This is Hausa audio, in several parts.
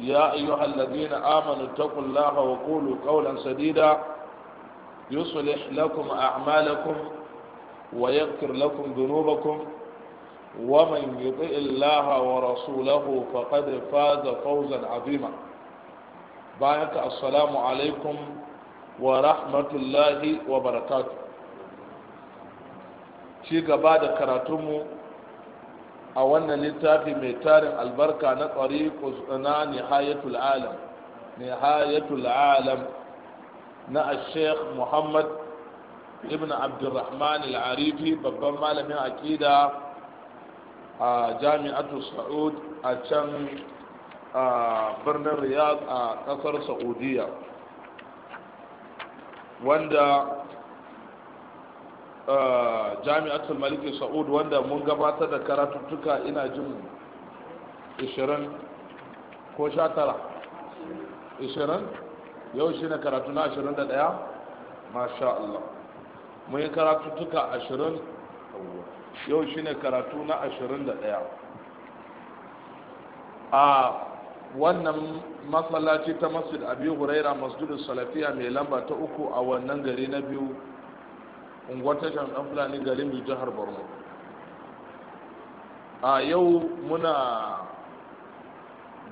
يا أيها الذين آمنوا اتقوا الله وقولوا قولا سديدا يصلح لكم أعمالكم ويغفر لكم ذنوبكم ومن يطع الله ورسوله فقد فاز فوزا عظيما بارك السلام عليكم ورحمة الله وبركاته شيخ بعد كراتمه a wannan littafi mai tarin albarka na tsariƙus na nihayatul alam nihayatul alam na sheikh muhammad ibn abdurrahman al-arifi babban malamin aƙida a jami'atu sa'ud a can birnin riyadh a ƙasar saudiya wanda jami'atul maliki sa'ud wanda mun gabatar da karatuttuka ina jin 20 ko 19 20 yau shi na karatu na 21 masha Allah mun yi karatuttuka 20 yau shi ne karatu na 21 a wannan masallaci ta masjid abi huraira masjidin salafiya mai lamba ta uku a wannan gari na biyu unguwar shan ɗan fulani garin jihar borno a yau muna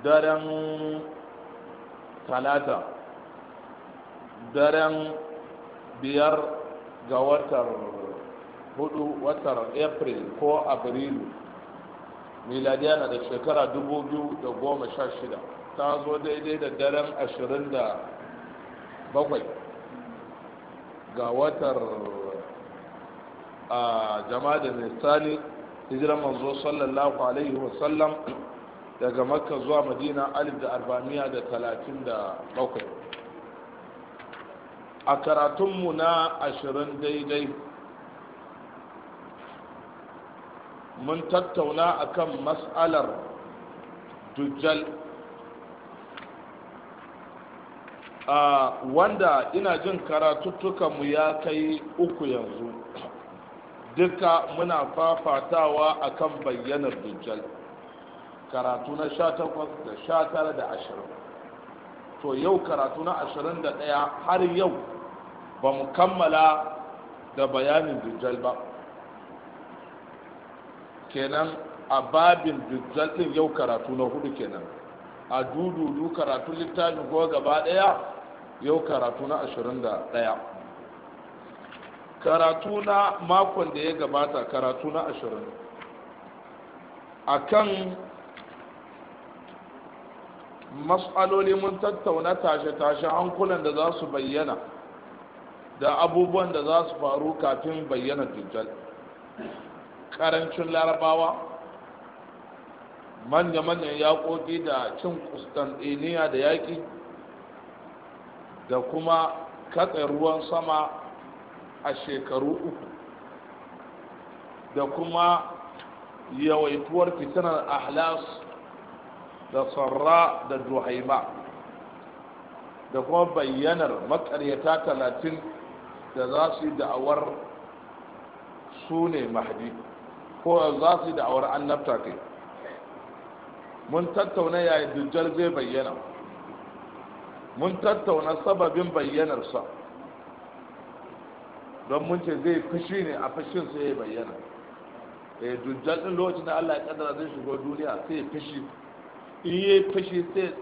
daren talata daren biyar ga watar hudu watar april ko abrilu miladiya na da shekara dubu biyu da goma sha shida ta zo daidai da daren ashirin da bakwai ga watar a jama'a da misali hijiran manzo sallallahu alaihi wasallam daga makka zuwa madina alif da arba'amiya da talatin da bakwai a karatunmu na ashirin daidai mun tattauna a kan mas'alar dujjal wanda ina jin karatuttukanmu ya kai uku yanzu duka muna fafatawa akan bayyanar dujjal karatu na sha takwas da sha tara da ashirin to yau karatu na ashirin da ɗaya har yau ba mu kammala da bayanin dujjal ba kenan a babin dujjal ɗin yau karatu na hudu kenan a dududu karatu littafin ko gaba ɗaya yau karatu na ashirin da ɗaya karatu na makon da ya gabata karatu na ashirin a kan matsaloli mun tattauna tashe-tashe hankulan da za su bayyana da abubuwan da za su faru kafin bayyana dujjal karancin larabawa manya-manyan yaƙoƙi da cin kustantiniya da yaƙi da kuma katse ruwan sama a shekaru uku da kuma yawaituwar fitinar ahlas da sarra da duhaima da kuma bayyanar makaryata talatin da za su yi da'awar su ne mahdi ko za su yi da'awar annabta kai mun tattauna yayin dujjar zai bayyana mun tattauna sababin bayyanarsa don mun ce zai fushi ne a fushin sai ya bayyana eh dujjal din lokacin da Allah ya kaddara zai shigo duniya sai ya fushi in yayi fushi sai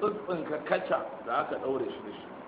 ka kaca da aka daure shi da shi